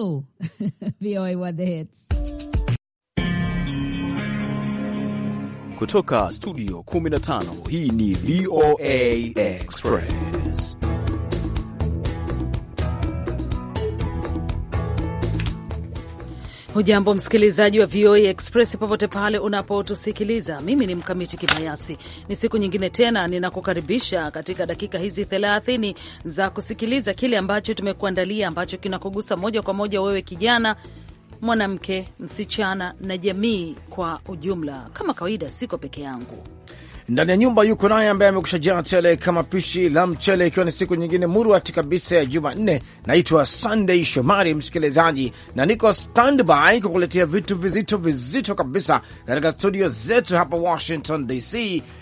Voi what the hits kutoka studio 15. Hii ni VOA Express. Hujambo msikilizaji wa VOA Express popote pale unapotusikiliza. Mimi ni Mkamiti Kibayasi, ni siku nyingine tena ninakukaribisha katika dakika hizi thelathini za kusikiliza kile ambacho tumekuandalia ambacho kinakugusa moja kwa moja wewe kijana mwanamke, msichana na jamii kwa ujumla. Kama kawaida, siko peke yangu ndani ya nyumba yuko naye ambaye amekushajaa tele kama pishi la mchele, ikiwa ni siku nyingine murwati kabisa ya Jumanne. Naitwa Sunday Shomari msikilizaji, na niko standby kukuletea vitu vizito vizito kabisa katika studio zetu hapa Washington DC,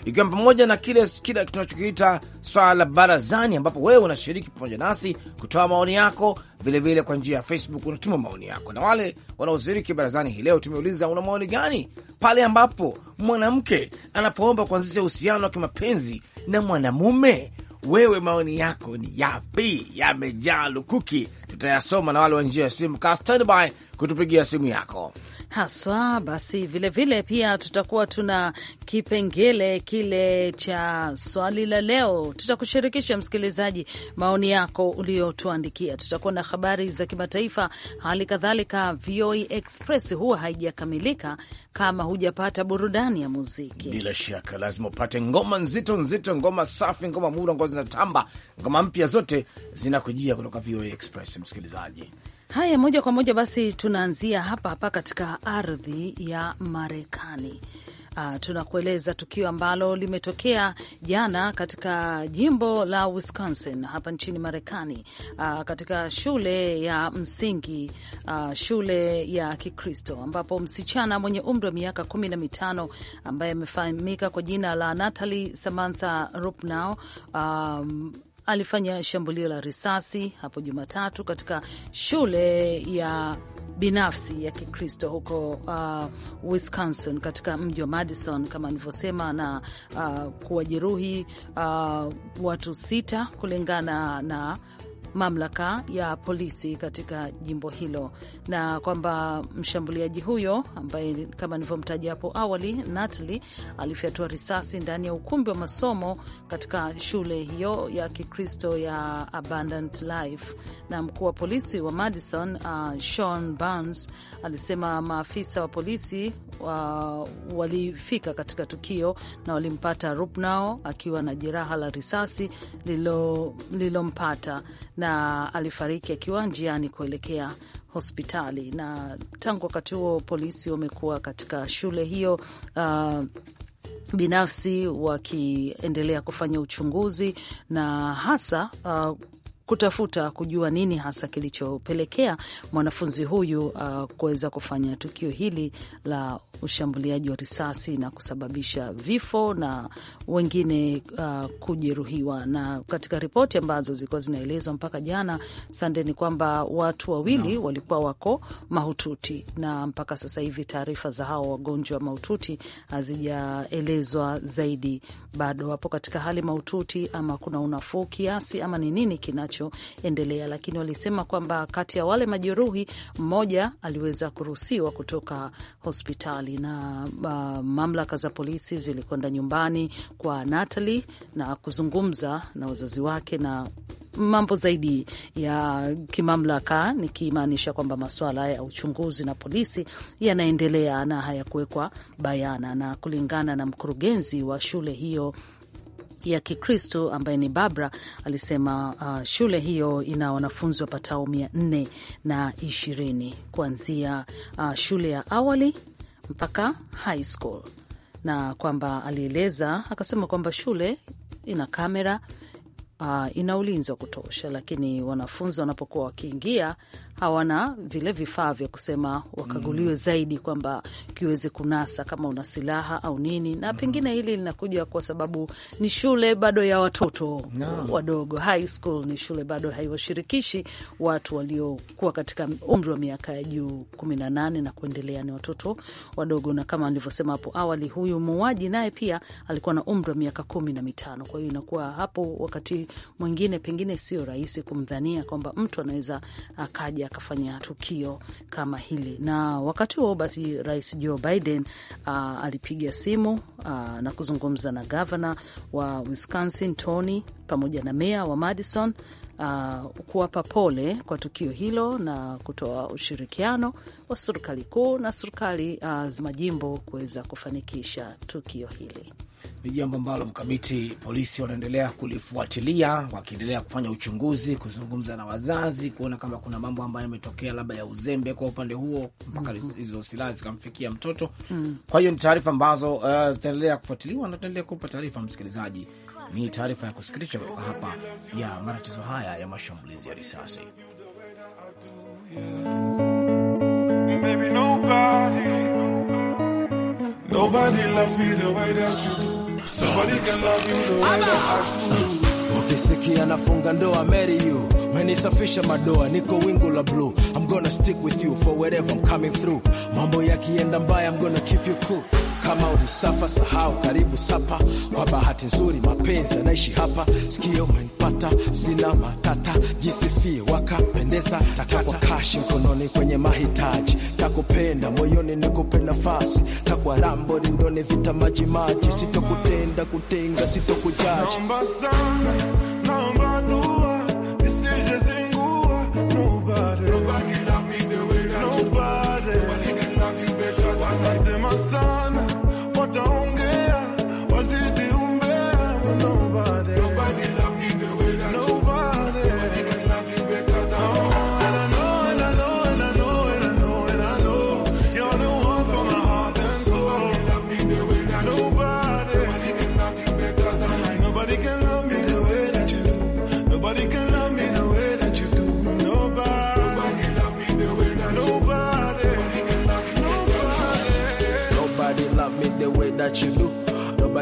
ikiwa pamoja na kile kile tunachokiita swala la barazani, ambapo wewe unashiriki pamoja nasi kutoa maoni yako vilevile kwa njia ya Facebook, unatuma maoni yako. Na wale wanaoshiriki barazani hii leo tumeuliza, una maoni gani pale ambapo mwanamke anapoomba kuanzisha uhusiano wa kimapenzi na mwanamume? Wewe maoni yako ni yapi? Yamejaa lukuki, tutayasoma na wale wa njia ya simu ka standby kutupigia simu yako haswa. Basi vilevile vile pia tutakuwa tuna kipengele kile cha swali la leo, tutakushirikisha msikilizaji maoni yako uliotuandikia. Tutakuwa na habari za kimataifa, hali kadhalika VOA Express huwa haijakamilika kama hujapata burudani ya muziki. Bila shaka lazima upate ngoma nzito nzito, ngoma safi, ngoma mura, ngoma zinatamba, ngoma mpya, zote zinakujia kutoka VOA Express msikilizaji. Haya, moja kwa moja basi tunaanzia hapa hapa katika ardhi ya Marekani. Uh, tunakueleza tukio ambalo limetokea jana katika jimbo la Wisconsin hapa nchini Marekani. Uh, katika shule ya msingi uh, shule ya Kikristo ambapo msichana mwenye umri wa miaka kumi na mitano ambaye amefahamika kwa jina la Natalie Samantha Rupnow um, alifanya shambulio la risasi hapo Jumatatu katika shule ya binafsi ya Kikristo huko uh, Wisconsin katika mji wa Madison kama alivyosema, na uh, kuwajeruhi uh, watu sita kulingana na mamlaka ya polisi katika jimbo hilo, na kwamba mshambuliaji huyo ambaye kama nilivyomtaja hapo awali, Natali alifyatua risasi ndani ya ukumbi wa masomo katika shule hiyo ya Kikristo ya Abundant Life. Na mkuu wa polisi wa Madison, uh, Sean Barnes alisema maafisa wa polisi wa, walifika katika tukio na walimpata Rupnao akiwa na jeraha la risasi lililompata na alifariki akiwa njiani kuelekea hospitali. Na tangu wakati huo polisi wamekuwa katika shule hiyo uh, binafsi wakiendelea kufanya uchunguzi na hasa uh, kutafuta kujua nini hasa kilichopelekea mwanafunzi huyu uh, kuweza kufanya tukio hili la ushambuliaji wa risasi na kusababisha vifo na wengine uh, kujeruhiwa. Na katika ripoti ambazo zilikuwa zinaelezwa mpaka jana Sande, ni kwamba watu wawili no. walikuwa wako mahututi, na mpaka sasa hivi taarifa za hao wagonjwa mahututi hazijaelezwa zaidi, bado wapo katika hali mahututi, ama kuna unafuu kiasi ama ni nini kinacho kinachoendelea, lakini walisema kwamba kati ya wale majeruhi mmoja aliweza kuruhusiwa kutoka hospitali na uh, mamlaka za polisi zilikwenda nyumbani kwa natali na kuzungumza na wazazi wake na mambo zaidi ya kimamlaka, nikimaanisha kwamba maswala ya uchunguzi na polisi yanaendelea na hayakuwekwa bayana. Na kulingana na mkurugenzi wa shule hiyo ya Kikristo ambaye ni Babra alisema uh, shule hiyo ina wanafunzi wapatao mia nne na ishirini kuanzia uh, shule ya awali mpaka high school, na kwamba alieleza akasema kwamba shule ina kamera uh, ina ulinzi wa kutosha, lakini wanafunzi wanapokuwa wakiingia hawana vile vifaa vya kusema wakaguliwe mm. zaidi kwamba kiweze kunasa kama una silaha au nini, na mm-hmm. pengine hili linakuja kwa sababu ni shule bado ya watoto no. wadogo, high school ni shule bado haiwashirikishi watu waliokuwa katika umri wa miaka ya juu kumi na nane na kuendelea, ni watoto wadogo, na kama nilivyosema hapo awali, huyu muuaji naye pia alikuwa na umri wa miaka kumi na mitano. Kwa hiyo inakuwa hapo wakati mwingine pengine sio rahisi kumdhania kwamba mtu anaweza akaja akafanya tukio kama hili. Na wakati huo basi, Rais Joe Biden uh, alipiga simu uh, na kuzungumza na gavana wa Wisconsin Tony pamoja na meya wa Madison uh, kuwapa pole kwa tukio hilo na kutoa ushirikiano wa serikali kuu na serikali uh, za majimbo kuweza kufanikisha tukio hili ni jambo ambalo mkamiti polisi wanaendelea kulifuatilia, wakiendelea kufanya uchunguzi, kuzungumza na wazazi, kuona kama kuna mambo ambayo yametokea labda ya uzembe kwa upande huo mpaka mm hizo -hmm. silaha zikamfikia mtoto mm. Kwa hiyo ni taarifa ambazo uh, zitaendelea kufuatiliwa na tutaendelea kupa taarifa msikilizaji. Ni taarifa ya kusikitisha kutoka hapa ya matatizo haya ya mashambulizi ya risasi Maybe nobody Nobody loves me the way that you do. Nobody can love you the way that I do. Ukisikia nafunga ndoa marry you, menisafisha madoa, niko wingu la blue. I'm gonna stick with you for wherever I'm coming through. Mambo yakienda mbaya, I'm gonna keep you cool. Kama ulisafa sahau, karibu sapa. Kwa bahati nzuri, mapenzi anaishi hapa. Sikio umenipata, sina matata, jisifie wakapendeza, takwa kashi mkononi kwenye mahitaji, takupenda moyoni, nikupe nafasi, takwa rambo rindoni, vita majimaji, sitokutenda kutenga, sitokujaji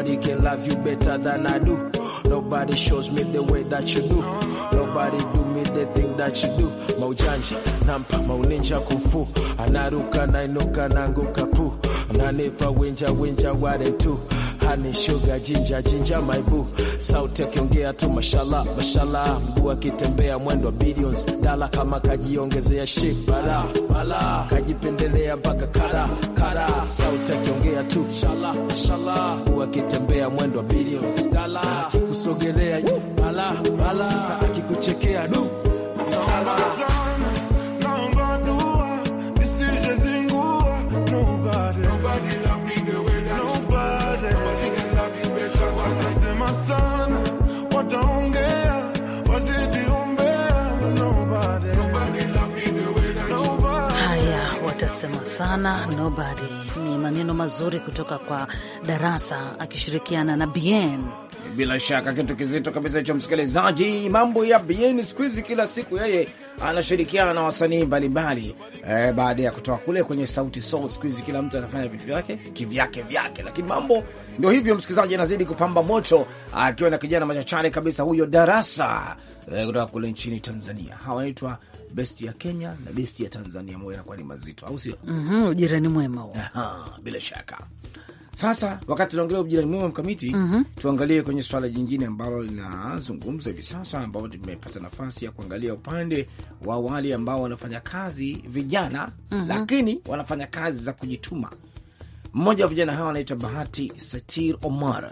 Nobody can love you better than I do. Nobody shows me the way that you do. Nobody do me the thing that you do. Maujanja, nampa, maulinja kufu. Anaruka, nainuka, nanguka pu. Nanipa, winja, winja, ware tu. honey sugar jinja jinja my boo, sauti akiongea tu mashallah mashallah, mbua kitembea mwendo wa billions dala, kama kajiongezea shik bala bala, kajipendelea mpaka kara kara, sauti akiongea tu mashallah mashallah mbua kitembea mwendo wa billions dala, akikusogelea bala bala, sasa akikuchekea du sala anasema sana nobody ni maneno mazuri kutoka kwa Darasa akishirikiana na Bien bila shaka kitu kizito kabisa hicho, msikilizaji. Mambo ya Bien siku hizi, kila siku yeye anashirikiana na wasanii mbalimbali eh, baada ya kutoka kule kwenye Sauti Sol. Siku hizi kila mtu anafanya vitu vyake kivyake vyake, lakini mambo ndio hivyo, msikilizaji, anazidi kupamba moto akiwa na kijana machachari kabisa huyo Darasa eh, kutoka kule nchini Tanzania. Hawaitwa besti ya Kenya na besti ya Tanzania, mwera kwa ni mazito, au sio? mm -hmm, ujirani mwema huo, bila shaka sasa wakati tunaongelea ujirani mwema mkamiti, mm -hmm. tuangalie kwenye swala jingine ambalo linazungumza hivi sasa, ambapo tumepata nafasi ya kuangalia upande wa wale ambao wanafanya kazi vijana, mm -hmm. lakini wanafanya kazi za kujituma. Mmoja wa vijana hawa anaitwa Bahati Satir Omar.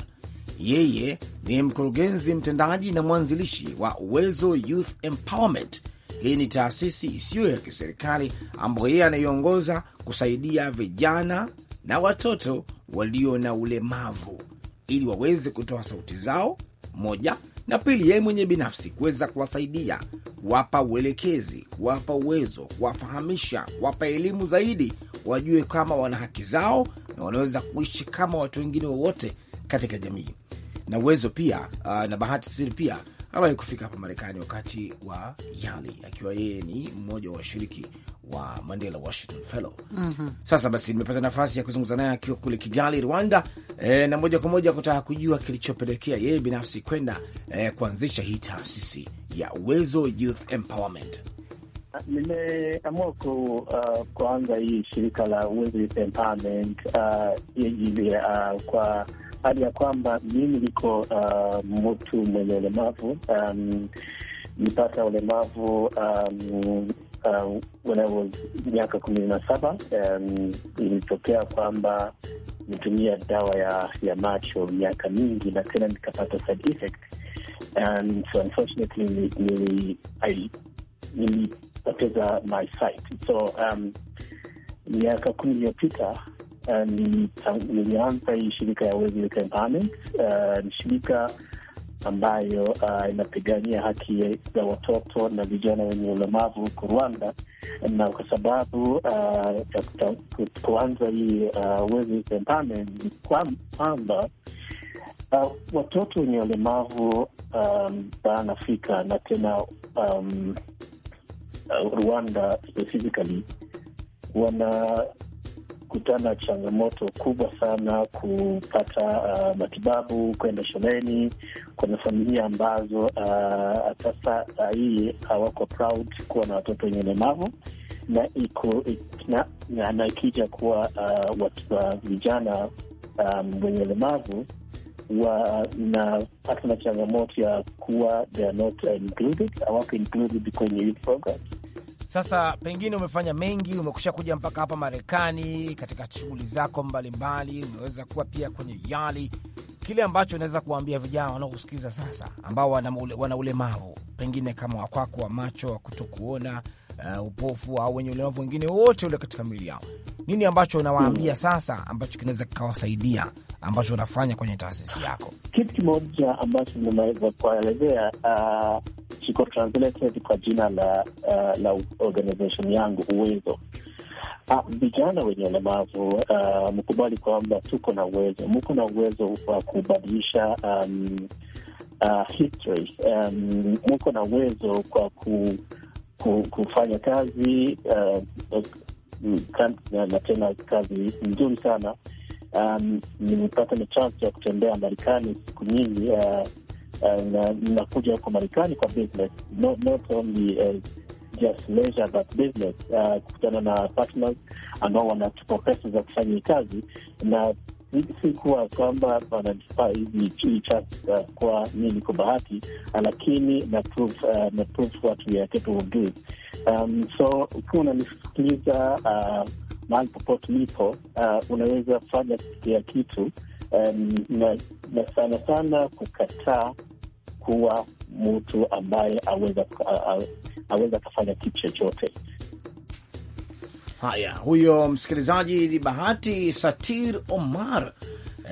Yeye ni mkurugenzi mtendaji na mwanzilishi wa Uwezo Youth Empowerment. Hii ni taasisi isiyo ya kiserikali ambayo yeye anaiongoza kusaidia vijana na watoto walio na ulemavu ili waweze kutoa sauti zao, moja na pili, yeye mwenye binafsi kuweza kuwasaidia, kuwapa uelekezi, kuwapa uwezo, kuwafahamisha, kuwapa elimu zaidi, wajue kama wana haki zao na wanaweza kuishi kama watu wengine wowote katika jamii na uwezo pia uh, na bahati siri pia awahi kufika hapa Marekani wakati wa YALI akiwa yeye ni mmoja wa washiriki wa Mandela Washington Fellow. mm -hmm. Sasa basi nimepata nafasi ya kuzungumza naye akiwa kule Kigali, Rwanda e, na moja kwa moja kutaka kujua kilichopelekea yeye binafsi kwenda e, kuanzisha hii taasisi ya Uwezo Youth Empowerment. Nimeamua ku, uh, kuanza hii shirika la Uwezo Youth Empowerment uh, yejili, uh, kwa hali ya kwamba mimi niko uh, mtu mwenye ulemavu um, nipata ulemavu um, uh, when I was miaka kumi na saba um, ilitokea kwamba nitumia dawa ya, ya macho miaka mingi na tena nikapata side effect and um, so unfortunately nili, nilipoteza my sight so um, miaka kumi iliyopita nilianza hii shirika ya uh, Ni shirika ambayo uh, inapigania haki za watoto na vijana wenye ulemavu huko Rwanda, na kwa sababu uh, kuanza hii uh, Wesley Empowerment ni kwamba Uh, watoto wenye ulemavu um, barani Afrika na tena um, uh, Rwanda specifically wana kutana changamoto kubwa sana kupata uh, matibabu, kwenda shuleni. Kuna familia ambazo uh, sasa hii hawako proud kuwa na watoto wenye ulemavu na iko na, na, na ikija kuwa uh, watu wa uh, vijana um, wenye ulemavu wanapata na changamoto ya kuwa they are not included, hawako included kwenye sasa pengine umefanya mengi, umekusha kuja mpaka hapa Marekani katika shughuli zako mbalimbali, umeweza kuwa pia kwenye YALI. Kile ambacho unaweza kuwaambia vijana wanaokusikiza sasa, ambao wana ulemavu pengine kama wakwako wa macho, wa kutokuona, uh, upofu au wenye ulemavu wengine wote ule katika mili yao, nini ambacho unawaambia sasa ambacho kinaweza kikawasaidia ambacho unafanya kwenye taasisi yako? Kitu kimoja ambacho nimeweza kuelezea uh, translated kwa jina la, uh, la organization yangu uwezo ah, vijana wenye ulemavu uh, mkubali kwamba tuko na uwezo, mko na uwezo wa kubadilisha um, uh, history um, mko na uwezo kwa ku, ku, kufanya kazi uh, na tena kazi nzuri sana Um, nimepata ni chance ya kutembea Marekani siku nyingi, uh, uh, nakuja huko Marekani kwa business, not only uh, just leisure but business, kukutana na partners ambao wanatupa pesa za kufanya hii kazi na si kuwa kwamba wananipa hizi chance kwa mi niko bahati, lakini na prove na prove what we are capable of doing. Um, so ukiwa unanisikiliza uh, mahali popote nipo, uh, unaweza fanya kila kitu um, na, na sana sana kukataa kuwa mtu ambaye aweza aweza akafanya kitu chochote. Haya, huyo msikilizaji ni Bahati Satir Omar,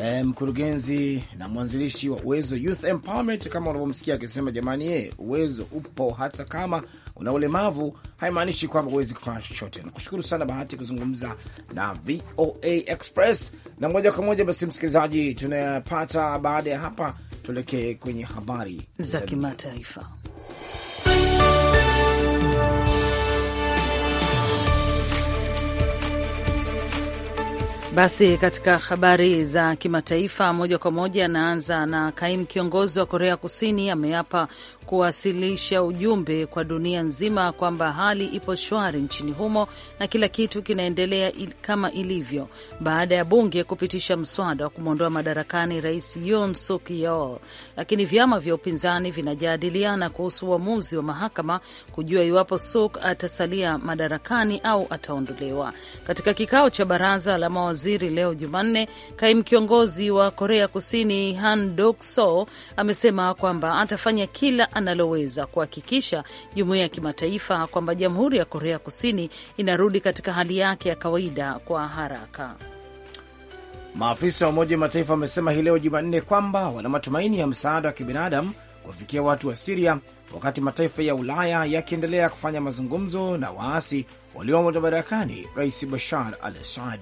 eh, mkurugenzi na mwanzilishi wa Uwezo Youth Empowerment, kama unavyomsikia akisema, jamani, ye eh, Uwezo upo hata kama una ulemavu haimaanishi kwamba huwezi kufanya chochote. Nakushukuru sana Bahati kuzungumza na VOA Express na moja kwa moja. Basi msikilizaji, tunayapata baada ya hapa, tuelekee kwenye habari za kimataifa. Basi katika habari za kimataifa moja kwa moja, anaanza na kaimu kiongozi wa Korea Kusini ameapa kuwasilisha ujumbe kwa dunia nzima kwamba hali ipo shwari nchini humo na kila kitu kinaendelea il kama ilivyo baada ya bunge kupitisha mswada wa kumwondoa madarakani rais Yoon Suk Yeol, lakini vyama vya upinzani vinajadiliana kuhusu uamuzi wa mahakama kujua iwapo Suk atasalia madarakani au ataondolewa. Katika kikao cha baraza la mawaziri leo Jumanne, kaimu kiongozi wa Korea Kusini Han soo amesema kwamba atafanya kila analoweza kuhakikisha jumuiya ya kimataifa kwamba Jamhuri ya Korea Kusini inarudi katika hali yake ya kawaida kwa haraka. Maafisa wa Umoja wa Mataifa wamesema hii leo Jumanne kwamba wana matumaini ya msaada wa kibinadamu kuwafikia watu wa Siria wakati mataifa ya Ulaya yakiendelea kufanya mazungumzo na waasi waliomo madarakani Rais Bashar al Assad.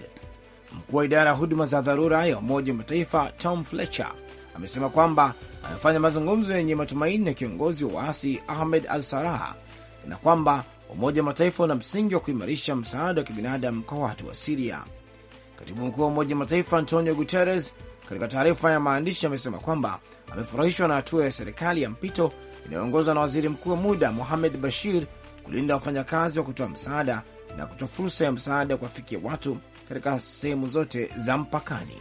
Mkuu wa idara ya huduma za dharura ya Umoja wa Mataifa Tom Fletcher amesema kwamba amefanya mazungumzo yenye matumaini na kiongozi wa waasi Ahmed al Sarah na kwamba Umoja wa Mataifa una msingi wa kuimarisha msaada wa kibinadamu kwa watu wa Siria. Katibu mkuu wa Umoja wa Mataifa Antonio Guterres katika taarifa ya maandishi amesema kwamba amefurahishwa na hatua ya serikali ya mpito inayoongozwa na waziri mkuu wa muda Mohamed Bashir kulinda wafanyakazi wa kutoa msaada na kutoa fursa ya msaada kuwafikia watu katika sehemu zote za mpakani.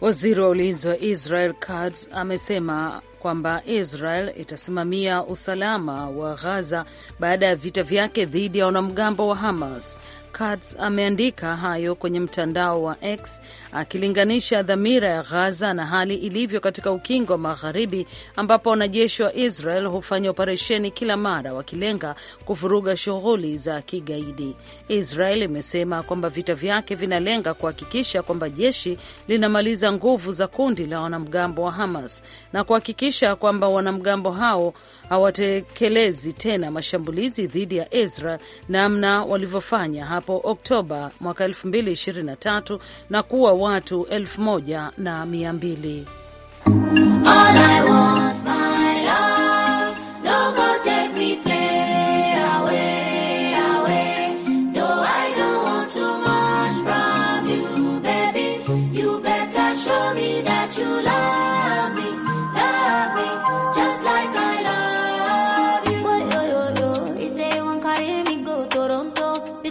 Waziri wa ulinzi wa Israel Katz amesema kwamba Israel itasimamia usalama wa Gaza baada ya vita vyake dhidi ya wanamgambo wa Hamas Katz ameandika hayo kwenye mtandao wa X akilinganisha dhamira ya Gaza na hali ilivyo katika ukingo wa Magharibi, ambapo wanajeshi wa Israel hufanya operesheni kila mara wakilenga kuvuruga shughuli za kigaidi. Israel imesema kwamba vita vyake vinalenga kuhakikisha kwamba jeshi linamaliza nguvu za kundi la wanamgambo wa Hamas na kuhakikisha kwamba wanamgambo hao hawatekelezi tena mashambulizi dhidi ya ezra namna walivyofanya hapo Oktoba mwaka 2023 na kuwa watu 1200.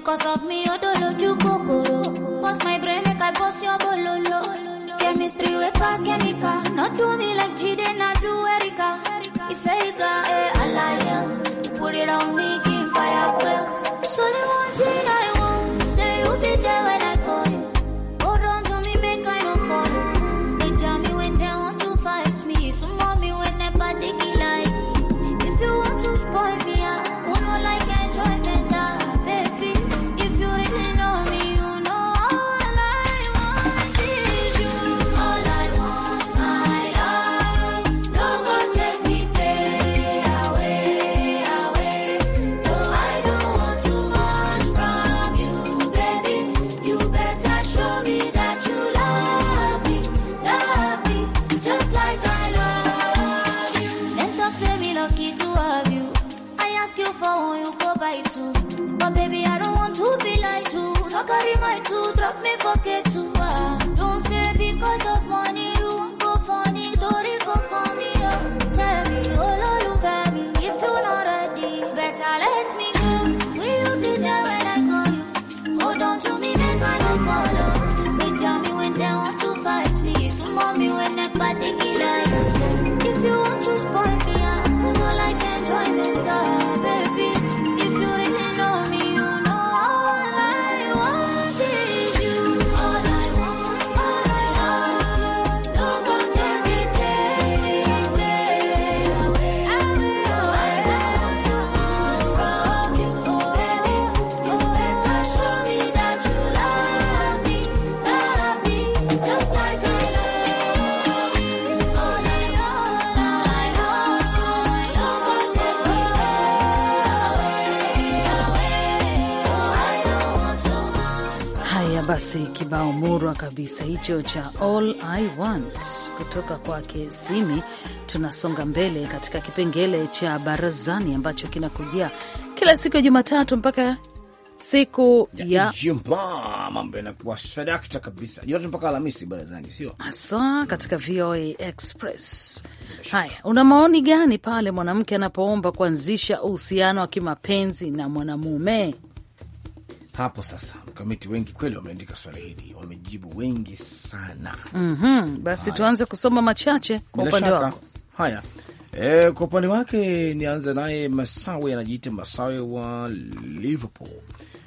Because of me, you don't look you kokoro. Bust my brain make I bust your bololo. Chemistry we pass chemical. Not do me like Jide, not do Erika. If Erika, eh, I lie, yeah. You put it on me, king fire, well. Carry my two, drop me, fuck Basi kibao murwa kabisa hicho cha All I Want kutoka kwake Simi. Tunasonga mbele katika kipengele cha barazani ambacho kinakujia kila siku ya Jumatatu mpaka siku ya Ijumaa. Mambo yanakuwa sadakta kabisa, Jumatatu mpaka Alhamisi barazani, sio haswa mm. katika VOA Express. Haya, una maoni gani pale mwanamke anapoomba kuanzisha uhusiano wa kimapenzi na mwanamume? Hapo sasa Kamiti, wengi kweli wameandika swali hili, wamejibu wengi sana. mm -hmm. Basi haya, tuanze kusoma machache kwa upande wako. Haya, e, kwa upande wake nianze naye Masawe, anajiita Masawe wa Liverpool,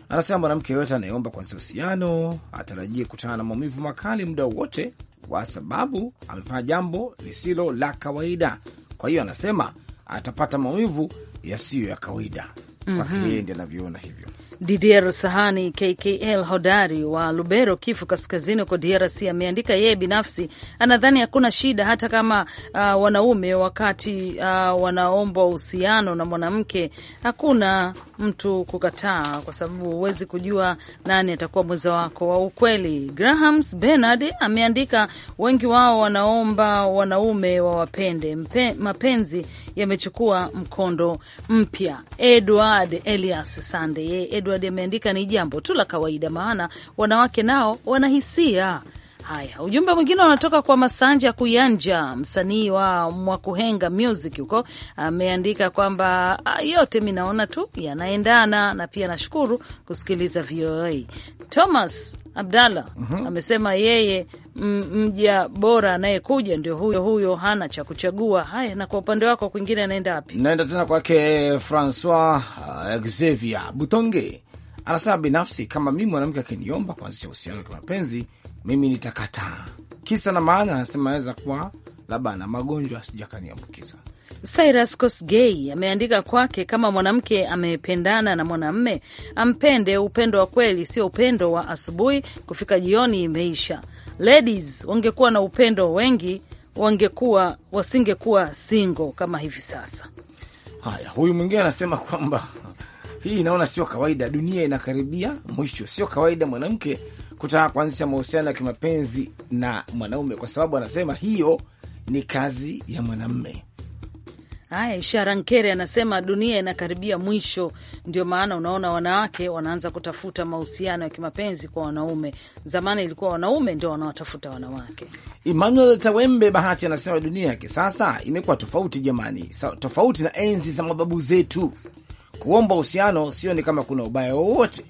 anasema mwanamke yoyote anayeomba kwanza uhusiano atarajie kutana na maumivu makali muda wote kwa sababu amefanya jambo lisilo la kawaida. Kwa hiyo anasema atapata maumivu yasiyo ya kawaida. Kwa hiyo mhm. ndiyo anavyoona hivyo. Didier Sahani KKL hodari wa Lubero, Kivu Kaskazini huko DRC ameandika yeye binafsi anadhani hakuna shida hata kama uh, wanaume wakati uh, wanaombwa uhusiano na mwanamke, hakuna mtu kukataa, kwa sababu huwezi kujua nani atakuwa mwenza wako wa ukweli. Grahams Bernard ameandika wengi wao wanaomba wanaume wawapende, mapenzi yamechukua mkondo mpya. Edward Elias Sande, Edward ameandika ni jambo tu la kawaida, maana wanawake nao wanahisia Haya, ujumbe mwingine unatoka kwa Masanja Kuyanja, msanii wa Mwakuhenga Music huko. Ameandika kwamba ah, yote mi naona tu yanaendana, na pia nashukuru kusikiliza VOA. Thomas Abdalla mm -hmm. amesema yeye mja bora anayekuja ndio huyo huyo, hana cha kuchagua. Haya, na kwa upande wako kwingine anaenda wapi? Naenda tena kwake Francois uh, Xavier Butonge, anasema binafsi, kama mi mwanamke akiniomba kuanzisha uhusiano wa kimapenzi mimi nitakataa. Kisa na maana, anasema aweza kuwa labda na magonjwa sijakaniambukiza. Cyrus Kosgei ameandika kwake, kama mwanamke amependana na mwanamme ampende, upendo wa kweli, sio upendo wa asubuhi kufika jioni imeisha. Ladies wangekuwa na upendo wengi, wangekuwa wasingekuwa single kama hivi sasa. Haya, huyu mwingine anasema kwamba hii inaona sio kawaida, dunia inakaribia mwisho, sio kawaida mwanamke kutaka kuanzisha mahusiano ya kimapenzi na mwanaume, kwa sababu anasema hiyo ni kazi ya mwanamme. Haya, Ishara Nkere anasema dunia inakaribia mwisho, ndio maana unaona wanawake wanaanza kutafuta mahusiano ya kimapenzi kwa wanaume. Zamani ilikuwa wanaume ndio wanawatafuta wanawake. Emmanuel Tawembe Bahati anasema dunia ya kisasa imekuwa tofauti jamani, tofauti na enzi za mababu zetu. Kuomba uhusiano sio ni kama kuna ubaya wowote,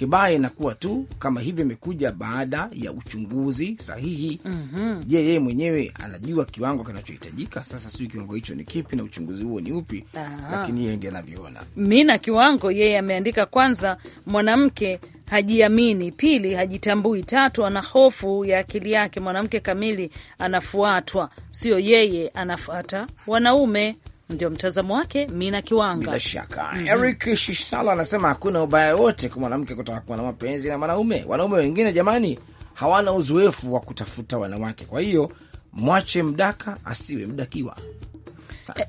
kibaya inakuwa tu kama hivyo, imekuja baada ya uchunguzi sahihi. Mhm. Je, mm -hmm. yeye mwenyewe anajua kiwango kinachohitajika. Sasa sijui kiwango hicho ni kipi na uchunguzi huo ni upi, lakini yeye ndiye anavyoona. Mi na kiwango yeye ameandika, kwanza mwanamke hajiamini, pili hajitambui, tatu ana hofu ya akili yake. Mwanamke kamili anafuatwa, sio yeye anafuata wanaume. Ndio mtazamo wake Mina Kiwanga. Bila shaka mm -hmm. Eric Shisala anasema hakuna ubaya wote kwa mwanamke kutaka kuwa na mapenzi na mwanaume. Wanaume wengine jamani, hawana uzoefu wa kutafuta wanawake, kwa hiyo mwache mdaka asiwe mdakiwa.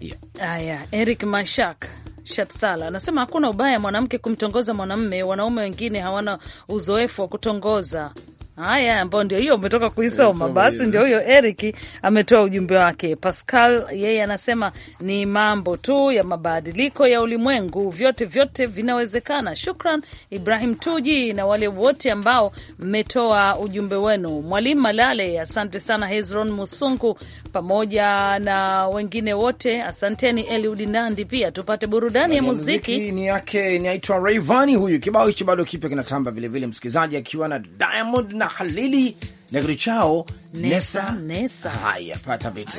Eh, haya, Eric Mashak Shatsala anasema hakuna ubaya mwanamke kumtongoza mwanamme, wanaume wengine hawana uzoefu wa kutongoza Haya, ambao ndio hiyo umetoka kuisoma. Basi ndio huyo Eric ametoa ujumbe wake. Pascal yeye anasema ni mambo tu ya mabadiliko ya ulimwengu, vyote vyote vinawezekana. Shukran Ibrahim Tuji na wale wote ambao mmetoa ujumbe wenu. Mwalimu Malale, asante sana. Hezron Musungu pamoja na wengine wote, asanteni. Eliudi Nandi pia tupate burudani ya muziki. Ni yake inaitwa Rayvanny, huyu kibao hichi bado kipya kinatamba vilevile, msikilizaji akiwa na Diamond na Halili na kitu chao nesa, nesa. Haya, pata vitu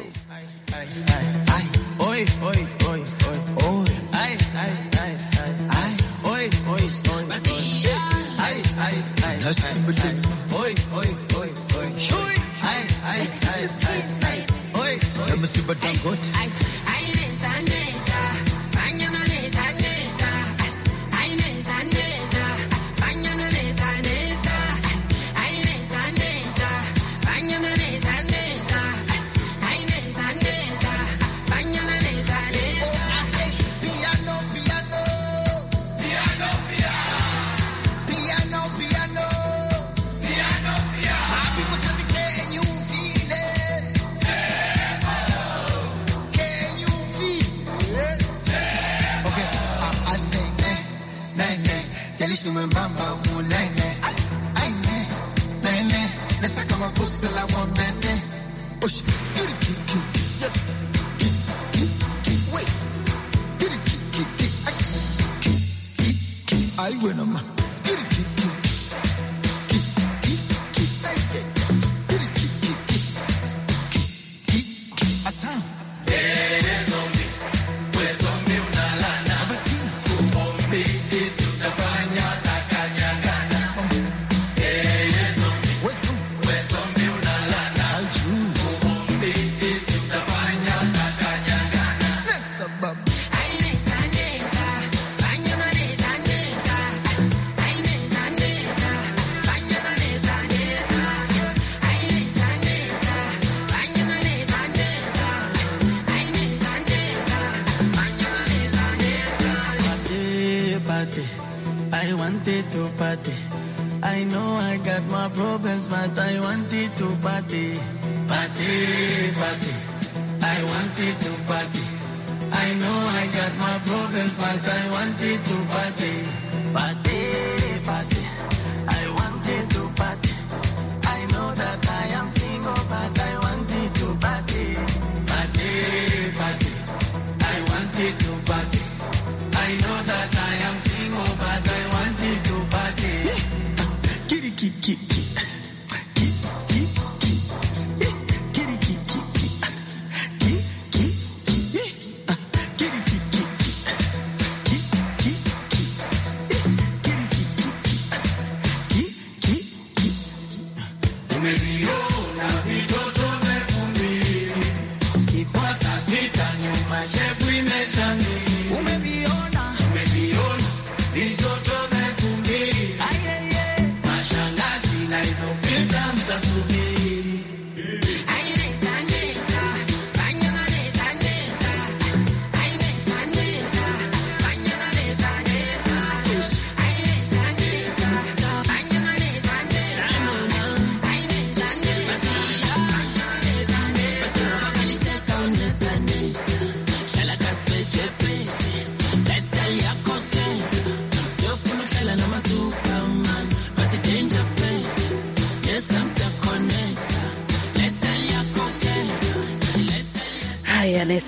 I win them. Get it, get keep.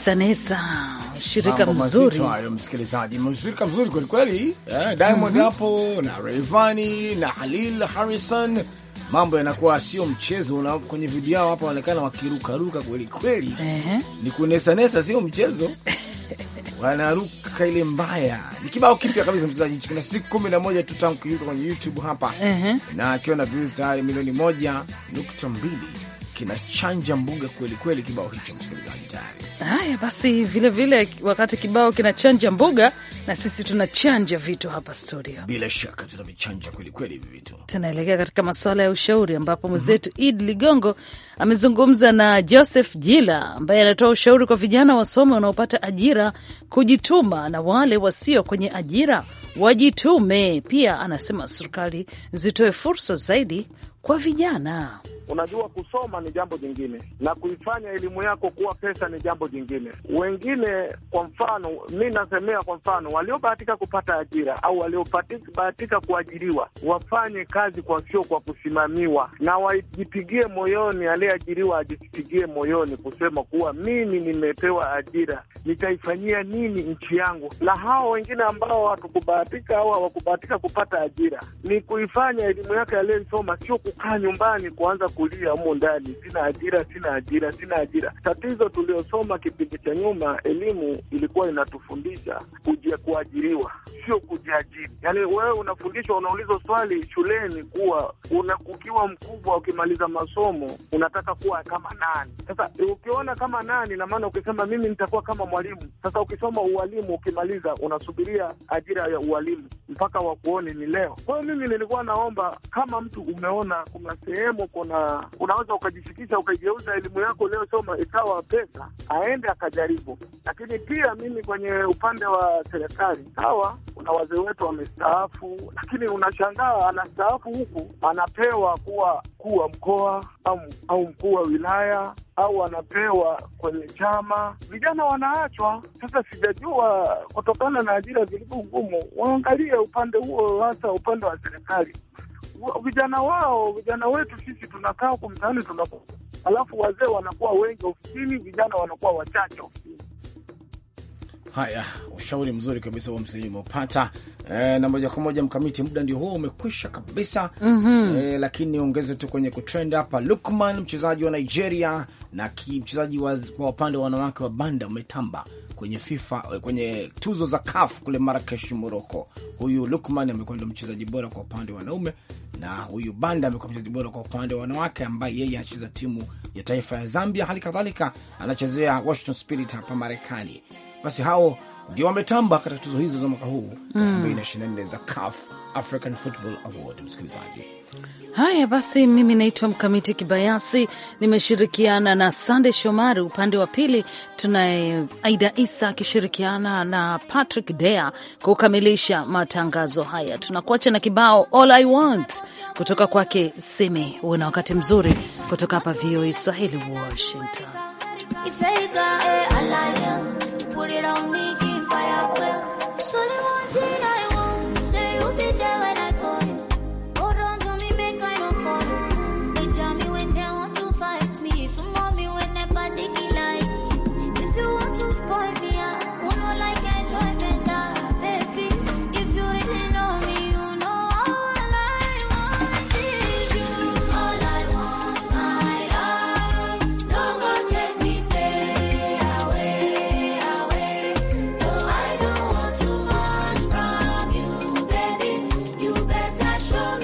Nesa Nesa, shirika mzuri hayo, msikilizaji, mshirika mzuri kwelikweli. Yeah, eh, Diamond mhm. hapo mm -hmm. na Rayvanny na Halil Harrison mambo yanakuwa sio mchezo na kwenye video yao hapa wanaonekana wakirukaruka kweli kweli, uh -huh. ni kunesanesa, sio mchezo wanaruka ile mbaya. Ni kibao kipya kabisa mchezaji, kuna siku kumi na moja tu tangu kuiruka kwenye YouTube hapa uh -huh. na akiwa na views tayari milioni moja nukta mbili kinachanja mbuga kweli kweli, kibao hicho msikilizaji tayari. Haya basi, vilevile vile, wakati kibao kinachanja mbuga na sisi tunachanja vitu hapa studio, bila shaka tunavichanja kweli kweli hivi vitu. Tunaelekea katika masuala ya ushauri ambapo mhm. mwenzetu mm -hmm. Id Ligongo amezungumza na Joseph Jila ambaye anatoa ushauri kwa vijana wasome wanaopata ajira kujituma na wale wasio kwenye ajira wajitume pia. Anasema serikali zitoe fursa zaidi kwa vijana. Unajua, kusoma ni jambo jingine na kuifanya elimu yako kuwa pesa ni jambo jingine. Wengine kwa mfano, mi nasemea kwa mfano, waliobahatika kupata ajira au waliobahatika kuajiriwa wafanye kazi kwa sio kwa kusimamiwa, na wajipigie moyoni. Aliyeajiriwa ajipigie moyoni kusema kuwa mimi nimepewa ajira, nitaifanyia nini nchi yangu? Na hao wengine ambao hatukubahatika au hawakubahatika kupata ajira, ni kuifanya elimu yake aliyoisoma, sio kukaa nyumbani kuanza kulia humo ndani, sina ajira, sina ajira, sina ajira. Tatizo tuliosoma kipindi cha nyuma, elimu ilikuwa inatufundisha kuja kuajiriwa, sio kujiajiri. Yani wewe unafundishwa, unaulizwa swali shuleni kuwa una ukiwa mkubwa, ukimaliza masomo unataka kuwa kama nani? Sasa ukiona kama nani, na maana ukisema mimi nitakuwa kama mwalimu. Sasa ukisoma ualimu, ukimaliza unasubiria ajira ya ualimu mpaka wakuone ni leo. Kwa hiyo mimi nilikuwa naomba kama mtu umeona kuna sehemu kuna unaweza ukajifikisha ukaigeuza elimu yako uliyosoma ikawa pesa, aende akajaribu. Lakini pia mimi kwenye upande wa serikali, hawa kuna wazee wetu wamestaafu, lakini unashangaa anastaafu huku anapewa kuwa mkuu wa mkoa au, au mkuu wa wilaya au anapewa kwenye chama, vijana wanaachwa. Sasa sijajua kutokana na ajira zilivyo ngumu, waangalie upande huo, hasa upande wa serikali vijana wao, vijana wetu sisi tunakaa huko mtaani, tuna alafu wazee wanakuwa wengi ofisini, vijana wanakuwa wachache ofisini. Haya, ushauri mzuri kabisa huo msilimu umeupata E, eh, na moja kwa moja mkamiti, muda ndio huo umekwisha kabisa. mm -hmm. E, lakini niongeze tu kwenye kutrend hapa, Lukman mchezaji wa Nigeria na mchezaji kwa upande wa wanawake wa banda umetamba kwenye FIFA, eh, kwenye tuzo za CAF kule Marrakesh, Morocco. Huyu Lukman amekuwa ndo mchezaji bora kwa upande wa wanaume na huyu Banda amekuwa mchezaji bora kwa upande wa wanawake, ambaye yeye anacheza timu ya taifa ya Zambia, hali kadhalika anachezea Washington Spirit hapa Marekani. Basi hao ndio wametamba katika tuzo hizo za mwaka huu 2024 mm, za CAF African Football Award. Msikilizaji Haya basi, mimi naitwa Mkamiti Kibayasi, nimeshirikiana na Sande Shomari. Upande wa pili tunaye Aida Isa akishirikiana na Patrick Dea kukamilisha matangazo haya. Tunakuacha na kibao All I Want kutoka kwake Simi. Uwe na wakati mzuri kutoka hapa VOA e Swahili, Washington.